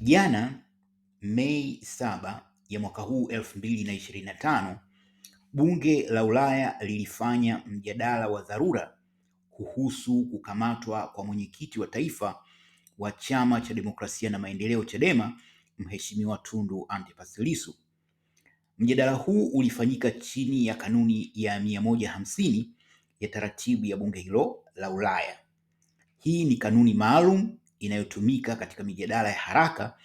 Jana Mei saba ya mwaka huu elfu mbili na ishirini na tano bunge la Ulaya lilifanya mjadala wa dharura kuhusu kukamatwa kwa mwenyekiti wa taifa wa chama cha demokrasia na maendeleo Chadema, Mheshimiwa Tundu Antipas Lissu. Mjadala huu ulifanyika chini ya kanuni ya mia moja hamsini ya taratibu ya bunge hilo la Ulaya. Hii ni kanuni maalum inayotumika katika mijadala ya haraka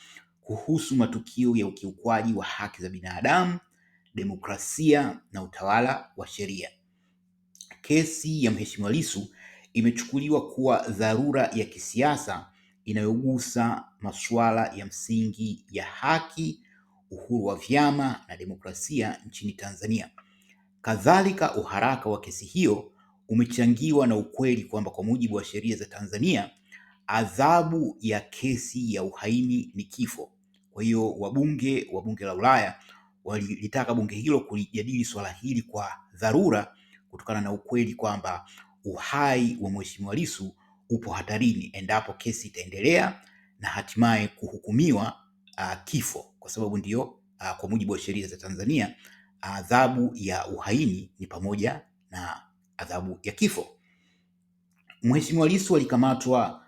kuhusu matukio ya ukiukwaji wa haki za binadamu, demokrasia na utawala wa sheria. Kesi ya Mheshimiwa Lissu imechukuliwa kuwa dharura ya kisiasa inayogusa masuala ya msingi ya haki, uhuru wa vyama na demokrasia nchini Tanzania. Kadhalika, uharaka wa kesi hiyo umechangiwa na ukweli kwamba kwa mujibu wa sheria za Tanzania adhabu ya kesi ya uhaini ni kifo. Kwa hiyo wabunge wa bunge la Ulaya walilitaka bunge hilo kulijadili swala hili kwa dharura kutokana na ukweli kwamba uhai wa Mheshimiwa Lissu upo hatarini endapo kesi itaendelea na hatimaye kuhukumiwa uh, kifo, kwa sababu ndiyo uh, kwa mujibu wa sheria za Tanzania adhabu ya uhaini ni pamoja na adhabu ya kifo. Mheshimiwa Lissu alikamatwa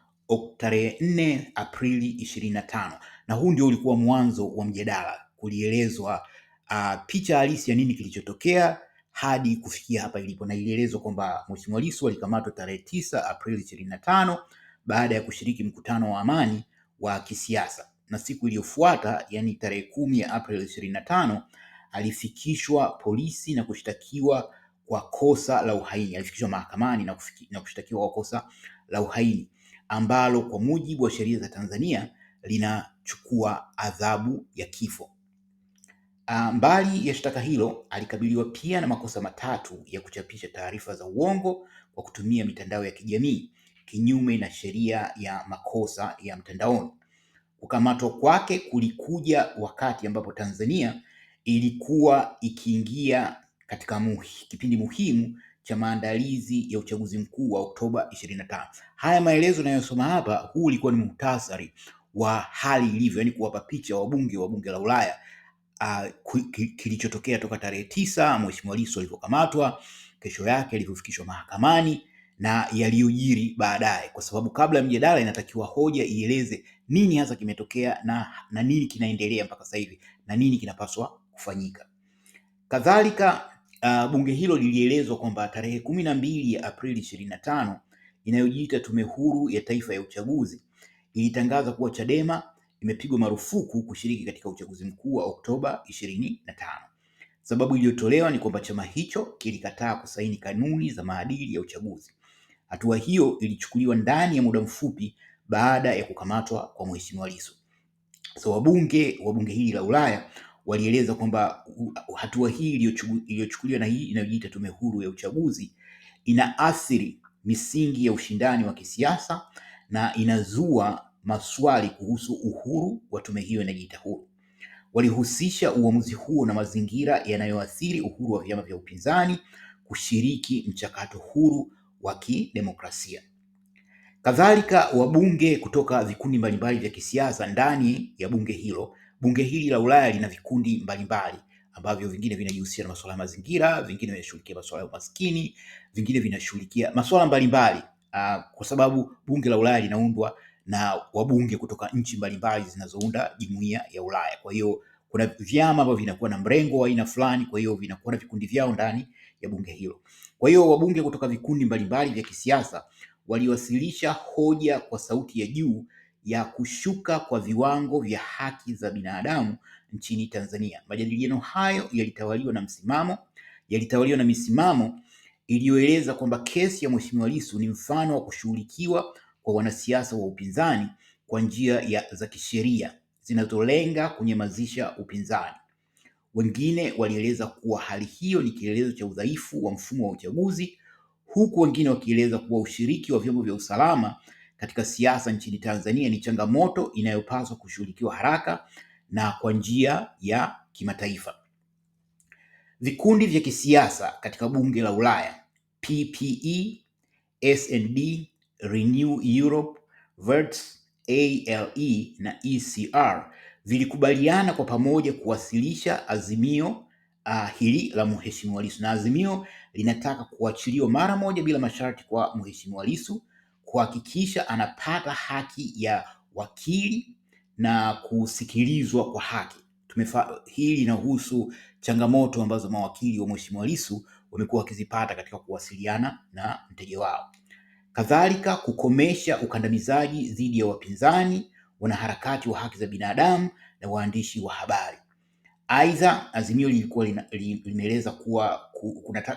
tarehe nne Aprili 25, na huu ndio ulikuwa mwanzo wa mjadala kulielezwa uh, picha halisi ya nini kilichotokea hadi kufikia hapa ilipo, na ilielezwa kwamba Mheshimiwa Lissu alikamatwa tarehe tisa Aprili 25 baada ya kushiriki mkutano wa amani wa kisiasa, na siku iliyofuata yani tarehe kumi ya Aprili 25 alifikishwa polisi na kushtakiwa kwa kosa la uhaini. Alifikishwa mahakamani na, na kushtakiwa kwa kosa la uhaini ambalo kwa mujibu wa sheria za Tanzania linachukua adhabu ya kifo. Ah, mbali ya shtaka hilo, alikabiliwa pia na makosa matatu ya kuchapisha taarifa za uongo kwa kutumia mitandao ya kijamii kinyume na sheria ya makosa ya mtandaoni. Kukamatwa kwake kulikuja wakati ambapo Tanzania ilikuwa ikiingia katika muhi, kipindi muhimu cha maandalizi ya uchaguzi mkuu wa Oktoba 25. Haya maelezo ninayosoma hapa, huu ulikuwa ni muhtasari wa hali ilivyo, yani kuwapa picha wabunge wa bunge la Ulaya uh, kilichotokea toka tarehe tisa Mheshimiwa Lissu alivyokamatwa, kesho yake alivyofikishwa mahakamani na yaliyojiri baadaye, kwa sababu kabla ya mjadala inatakiwa hoja ieleze nini hasa kimetokea na, na nini kinaendelea mpaka sasa hivi na nini kinapaswa kufanyika. Kadhalika Uh, bunge hilo lilielezwa kwamba tarehe kumi na mbili ya Aprili ishirini na tano inayojiita Tume Huru ya Taifa ya Uchaguzi ilitangaza kuwa Chadema imepigwa marufuku kushiriki katika uchaguzi mkuu wa Oktoba ishirini na tano. Sababu iliyotolewa ni kwamba chama hicho kilikataa kusaini kanuni za maadili ya uchaguzi. Hatua hiyo ilichukuliwa ndani ya muda mfupi baada ya kukamatwa kwa Mheshimiwa Lissu. So wabunge wa bunge hili la Ulaya walieleza kwamba hatua hii iliyochukuliwa na hii inayojiita tume huru ya uchaguzi inaathiri misingi ya ushindani wa kisiasa na inazua maswali kuhusu uhuru wa tume hiyo inayojiita huru. Walihusisha uamuzi huo na mazingira yanayoathiri uhuru wa vyama vya upinzani kushiriki mchakato huru wa kidemokrasia. Kadhalika, wabunge kutoka vikundi mbalimbali vya kisiasa ndani ya bunge hilo Bunge hili la Ulaya lina vikundi mbalimbali ambavyo vingine vinajihusisha na masuala ya mazingira, vingine vinashughulikia masuala ya umaskini, vingine vinashughulikia masuala mbalimbali uh, kwa sababu bunge la Ulaya linaundwa na wabunge kutoka nchi mbalimbali zinazounda jumuiya ya Ulaya. Kwa hiyo kuna vyama ambavyo vinakuwa na mrengo wa aina fulani, kwa hiyo vinakuwa na vikundi vyao ndani ya bunge hilo. Kwa hiyo wabunge kutoka vikundi mbalimbali vya kisiasa waliwasilisha hoja kwa sauti ya juu ya kushuka kwa viwango vya haki za binadamu nchini Tanzania. Majadiliano hayo yalitawaliwa na msimamo yalitawaliwa na misimamo iliyoeleza kwamba kesi ya Mheshimiwa Lissu ni mfano wa kushughulikiwa kwa wanasiasa wa upinzani kwa njia za kisheria zinazolenga kunyamazisha upinzani. Wengine walieleza kuwa hali hiyo ni kielelezo cha udhaifu wa mfumo wa uchaguzi, huku wengine wakieleza kuwa ushiriki wa vyombo vya usalama katika siasa nchini Tanzania ni changamoto inayopaswa kushughulikiwa haraka na kwa njia ya kimataifa. Vikundi vya kisiasa katika bunge la Ulaya PPE, SND, Renew Europe, Verts, ALE na ECR vilikubaliana kwa pamoja kuwasilisha azimio uh, hili la Mheshimiwa Lissu na azimio linataka kuachiliwa mara moja bila masharti kwa Mheshimiwa Lissu kuhakikisha anapata haki ya wakili na kusikilizwa kwa haki. Tumefa, hili linahusu changamoto ambazo mawakili wa Mheshimiwa Lissu wamekuwa wakizipata katika kuwasiliana na mteja wao. Kadhalika, kukomesha ukandamizaji dhidi ya wapinzani, wanaharakati wa haki za binadamu na waandishi wa habari. Aidha, azimio lilikuwa linaeleza kuwa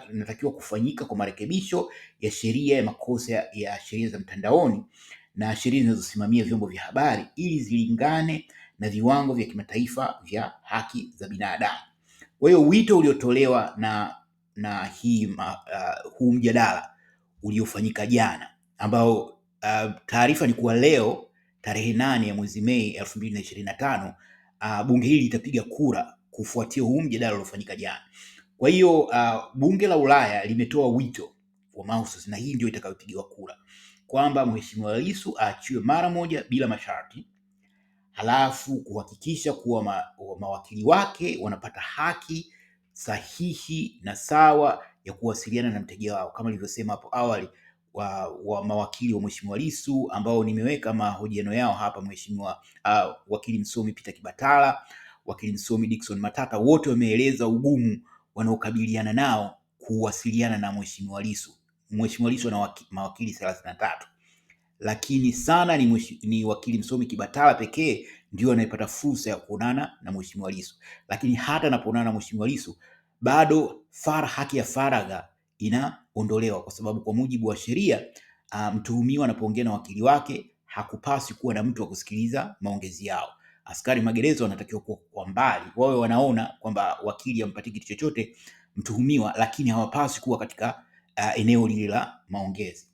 kunatakiwa kufanyika kwa marekebisho ya sheria ya makosa ya sheria za mtandaoni na sheria zinazosimamia vyombo vya habari ili zilingane na viwango vya kimataifa vya haki za binadamu. Kwa hiyo wito uliotolewa na, na hii uh, huu mjadala uliofanyika jana ambao uh, taarifa ni kuwa leo tarehe nane ya mwezi Mei elfu mbili na ishirini na tano uh, bunge hili litapiga kura kufuatia huu mjadala uliofanyika jana. Kwa hiyo uh, bunge la Ulaya limetoa wito wa mahususi, na hii ndio itakayopigiwa kura kwamba Mheshimiwa Lissu aachiwe mara moja bila masharti, halafu kuhakikisha kuwa ma, mawakili wake wanapata haki sahihi na sawa ya kuwasiliana na mteja wao kama nilivyosema hapo awali wa, wa mawakili wa Mheshimiwa Lissu ambao nimeweka mahojiano yao hapa, Mheshimiwa uh, wakili msomi Peter Kibatala wakili Dickson Mataka wote wameeleza ugumu wanaokabiliana nao kuwasiliana na Mheshimiwa Lissu. Mheshimiwa Lissu ana mawakili thelathini na tatu lakini sana ni, mwish, ni wakili msomi Kibatala pekee ndio anayepata fursa ya kuonana na Mheshimiwa Lissu, lakini hata anapoonana na Mheshimiwa Lissu bado far, haki ya faragha inaondolewa kwa sababu kwa mujibu wa sheria ah, mtuhumiwa anapoongea na wakili wake hakupaswi kuwa na mtu wa kusikiliza maongezi yao askari magereza wanatakiwa kuwa kwa mbali, wawe wanaona kwamba wakili ampatie kitu chochote mtuhumiwa, lakini hawapaswi kuwa katika uh, eneo lile la maongezi.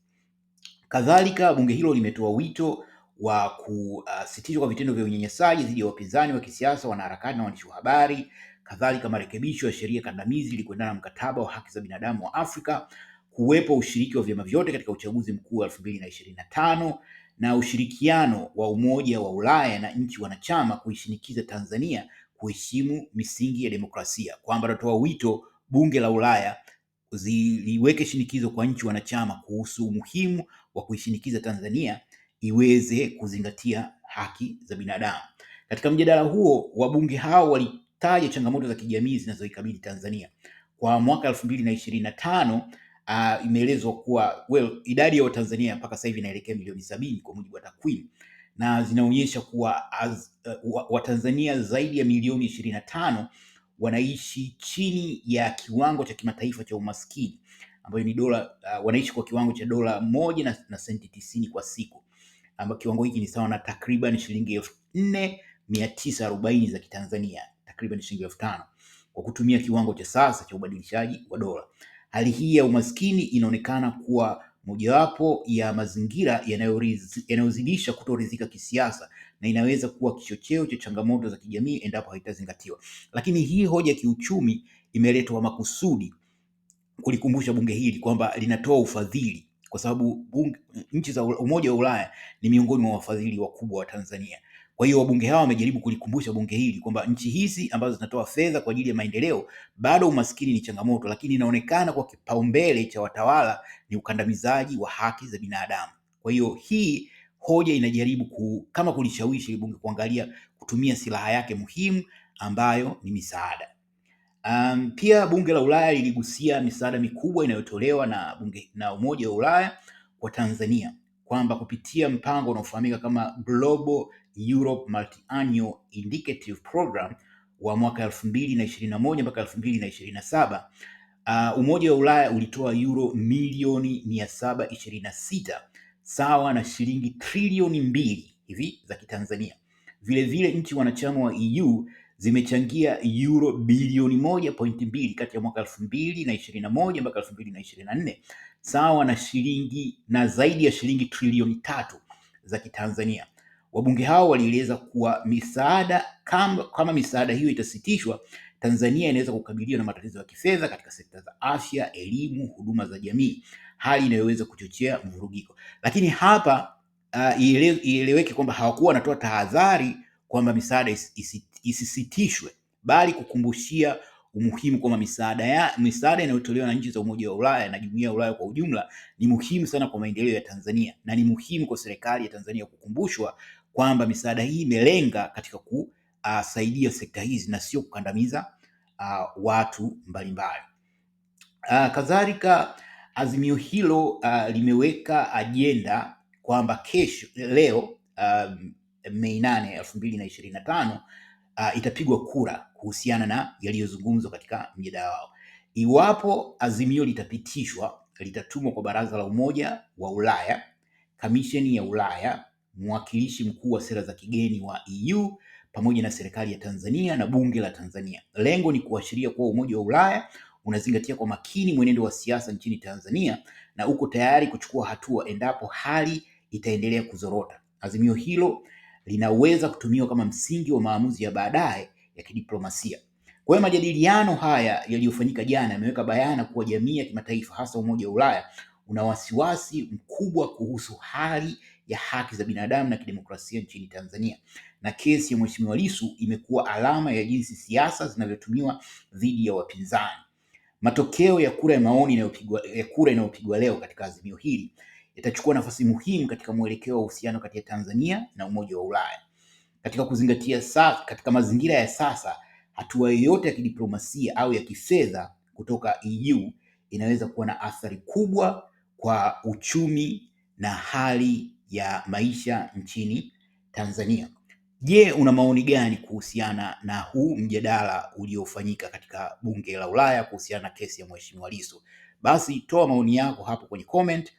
Kadhalika, bunge hilo limetoa wito wa kusitishwa eh, kwa vitendo vya unyanyasaji dhidi ya wapinzani wa kisiasa, wanaharakati na waandishi wa habari. Kadhalika, marekebisho ya sheria kandamizi ili kuendana na mkataba wa haki za binadamu wa Afrika kuwepo ushiriki wa vyama vyote katika uchaguzi mkuu wa elfu mbili na ishirini na tano na ushirikiano wa Umoja wa Ulaya na nchi wanachama kuishinikiza Tanzania kuheshimu misingi ya demokrasia, kwamba natoa wito bunge la Ulaya ziliweke shinikizo kwa nchi wanachama kuhusu umuhimu wa kuishinikiza Tanzania iweze kuzingatia haki za binadamu. Katika mjadala huo, wabunge hao walitaja changamoto za kijamii zinazoikabili Tanzania kwa mwaka elfu mbili na ishirini na tano uh, imeelezwa kuwa well, idadi ya Watanzania mpaka sasa hivi inaelekea milioni sabini kwa mujibu wa takwimu, na zinaonyesha kuwa uh, Watanzania zaidi ya milioni ishirini na tano wanaishi chini ya kiwango cha kimataifa cha umaskini ambayo ni dola uh, wanaishi kwa kiwango cha dola moja na, na senti tisini kwa siku ambapo kiwango hiki ni sawa na takriban shilingi elfu nne mia tisa arobaini za Kitanzania, takriban shilingi elfu tano kwa kutumia kiwango cha sasa cha ubadilishaji wa dola. Hali hii ya umaskini inaonekana kuwa mojawapo ya mazingira yanayozidisha kutoridhika kisiasa na inaweza kuwa kichocheo cha changamoto za kijamii endapo haitazingatiwa. Lakini hii hoja ya kiuchumi imeletwa makusudi kulikumbusha bunge hili kwamba linatoa ufadhili kwa sababu nchi za Umoja wa Ulaya ni miongoni mwa wafadhili wakubwa wa Tanzania. Kwa hiyo wabunge hawa wamejaribu kulikumbusha bunge hili kwamba nchi hizi ambazo zinatoa fedha kwa ajili ya maendeleo bado umaskini ni changamoto, lakini inaonekana kwa kipaumbele cha watawala ni ukandamizaji wa haki za binadamu. Kwa hiyo hii hoja inajaribu ku, kama kulishawishi bunge kuangalia kutumia silaha yake muhimu ambayo ni misaada. Um, pia bunge la Ulaya liligusia misaada mikubwa inayotolewa na bunge, na Umoja wa Ulaya kwa Tanzania kwamba kupitia mpango unaofahamika kama Global Europe Multi-Annual Indicative Program wa mwaka 2021 mpaka 2027, uh, Umoja wa Ulaya ulitoa euro milioni 726 sawa na shilingi trilioni mbili hivi za Kitanzania. Vilevile nchi wanachama wa EU zimechangia euro bilioni moja pointi mbili kati ya mwaka elfu mbili na ishirini na moja mpaka elfu mbili na ishirini na nne sawa na shilingi na zaidi ya shilingi trilioni tatu za Kitanzania. Wabunge hao walieleza kuwa misaada kama, kama misaada hiyo itasitishwa, Tanzania inaweza kukabiliwa na matatizo ya kifedha katika sekta za afya, elimu, huduma za jamii, hali inayoweza kuchochea mvurugiko. Lakini hapa uh, ieleweke kwamba hawakuwa wanatoa tahadhari kwamba misaada isisitishwe, bali kukumbushia umuhimu kwamba misaada misaada inayotolewa na nchi za Umoja wa Ulaya na Jumuiya ya Ulaya kwa ujumla ni muhimu sana kwa maendeleo ya Tanzania, na ni muhimu kwa serikali ya Tanzania kukumbushwa kwamba misaada hii imelenga katika kusaidia ah, sekta hizi na sio kukandamiza uh, watu mbalimbali. Uh, kadhalika azimio hilo uh, limeweka ajenda kwamba kesho leo uh, Mei nane elfu mbili na ishirini na tano uh, itapigwa kura kuhusiana na yaliyozungumzwa katika mjadala wao. Iwapo azimio litapitishwa, litatumwa kwa Baraza la Umoja wa Ulaya, Kamisheni ya Ulaya, mwakilishi mkuu wa sera za kigeni wa EU pamoja na serikali ya Tanzania na bunge la Tanzania. Lengo ni kuashiria kuwa Umoja wa Ulaya unazingatia kwa makini mwenendo wa siasa nchini Tanzania na uko tayari kuchukua hatua endapo hali itaendelea kuzorota. Azimio hilo linaweza kutumiwa kama msingi wa maamuzi ya baadaye ya kidiplomasia. Kwa hiyo majadiliano haya yaliyofanyika jana yameweka bayana kuwa jamii ya kimataifa hasa Umoja wa Ulaya una wasiwasi mkubwa kuhusu hali ya haki za binadamu na kidemokrasia nchini Tanzania, na kesi ya Mheshimiwa Lissu imekuwa alama ya jinsi siasa zinavyotumiwa dhidi ya wapinzani. Matokeo ya kura ya maoni inayopigwa ya kura inayopigwa leo katika azimio hili yatachukua nafasi muhimu katika mwelekeo wa uhusiano kati ya Tanzania na Umoja wa Ulaya. Katika kuzingatia sa, katika mazingira ya sasa, hatua yoyote ya kidiplomasia au ya kifedha kutoka EU inaweza kuwa na athari kubwa kwa uchumi na hali ya maisha nchini Tanzania. Je, una maoni gani kuhusiana na huu mjadala uliofanyika katika Bunge la Ulaya kuhusiana na kesi ya Mheshimiwa Lissu? Basi toa maoni yako hapo kwenye comment.